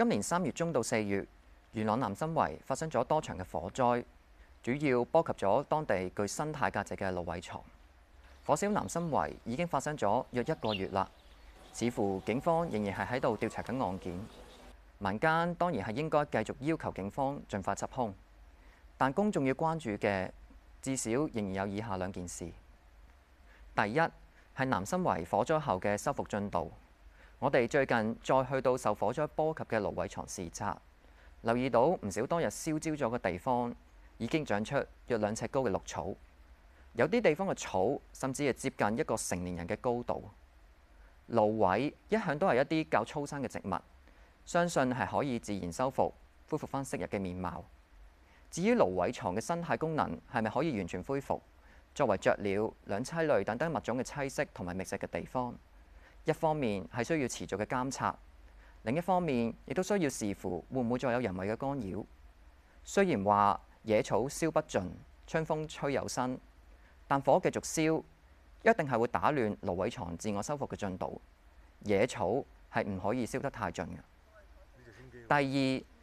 今年三月中到四月，元朗南生圍發生咗多場嘅火災，主要波及咗當地具生態價值嘅蘆葦床。火燒南生圍已經發生咗約一個月啦，似乎警方仍然係喺度調查緊案件。民間當然係應該繼續要求警方盡快緝凶，但公眾要關注嘅至少仍然有以下兩件事：第一係南生圍火災後嘅修復進度。我哋最近再去到受火災波及嘅蘆葦床視察，留意到唔少當日燒焦咗嘅地方已經長出約兩尺高嘅綠草，有啲地方嘅草甚至係接近一個成年人嘅高度。蘆葦一向都係一啲較粗生嘅植物，相信係可以自然修復，恢復返昔日嘅面貌。至於蘆葦床嘅生態功能係咪可以完全恢復，作為雀鳥、兩棲類等等物種嘅棲息同埋覓食嘅地方？一方面係需要持續嘅監察，另一方面亦都需要視乎會唔會再有人為嘅干擾。雖然話野草燒不盡，春風吹又生，但火繼續燒，一定係會打亂蘆葦床自我修復嘅進度。野草係唔可以燒得太盡嘅。第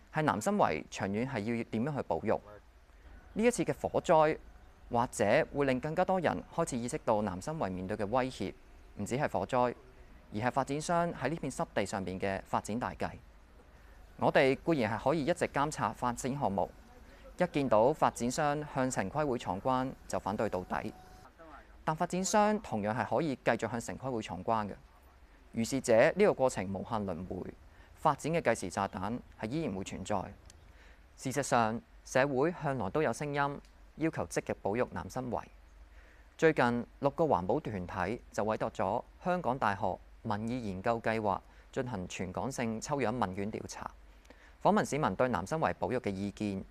二係南生圍長遠係要點樣去保育。呢一次嘅火災，或者會令更加多人開始意識到南生圍面對嘅威脅，唔止係火災。而係發展商喺呢片濕地上邊嘅發展大計。我哋固然係可以一直監察發展項目，一見到發展商向城規會闖關就反對到底，但發展商同樣係可以繼續向城規會闖關嘅。如是者呢個過程無限輪迴，發展嘅計時炸彈係依然會存在。事實上，社會向來都有聲音要求積極保育南生圍。最近六個環保團體就委託咗香港大學民意研究計劃進行全港性抽樣問卷調查，訪問市民對南生圍保育嘅意見。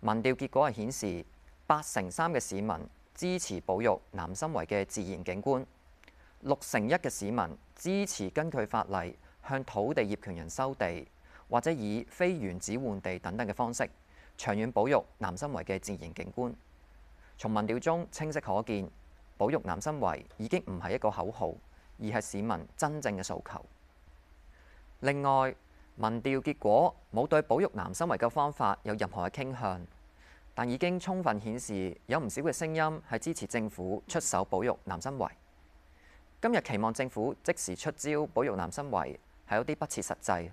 民調結果係顯示，八成三嘅市民支持保育南生圍嘅自然景觀，六成一嘅市民支持根據法例向土地業權人收地，或者以非原址換地等等嘅方式，長遠保育南生圍嘅自然景觀。從民調中清晰可見，保育南生圍已經唔係一個口號。而係市民真正嘅訴求。另外，民調結果冇對保育南生圍嘅方法有任何嘅傾向，但已經充分顯示有唔少嘅聲音係支持政府出手保育南生圍。今日期望政府即時出招保育南生圍係有啲不切實際，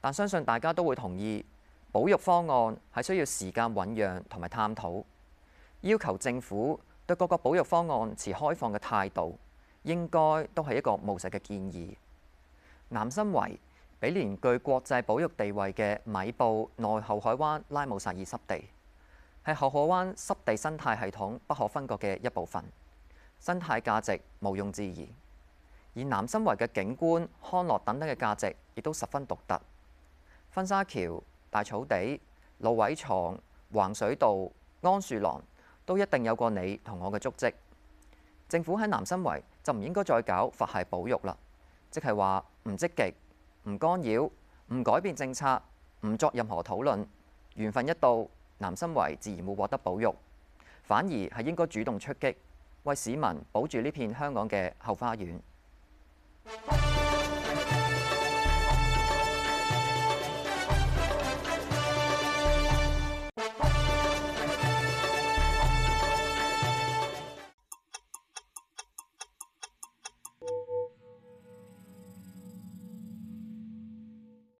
但相信大家都會同意保育方案係需要時間醖釀同埋探討。要求政府對各個保育方案持開放嘅態度。應該都係一個務實嘅建議。南生圍毗連具國際保育地位嘅米埔內後海灣拉姆薩爾濕地，係後海灣濕地生態系統不可分割嘅一部分，生態價值毋庸置疑。而南生圍嘅景觀、康樂等等嘅價值，亦都十分獨特。婚紗橋、大草地、蘆葦床、橫水道、桉樹廊都一定有過你同我嘅足跡。政府喺南生圍，就唔應該再搞佛系保育啦，即係話唔積極、唔干擾、唔改變政策、唔作任何討論。緣分一到，南生圍自然會獲得保育，反而係應該主動出擊，為市民保住呢片香港嘅後花園。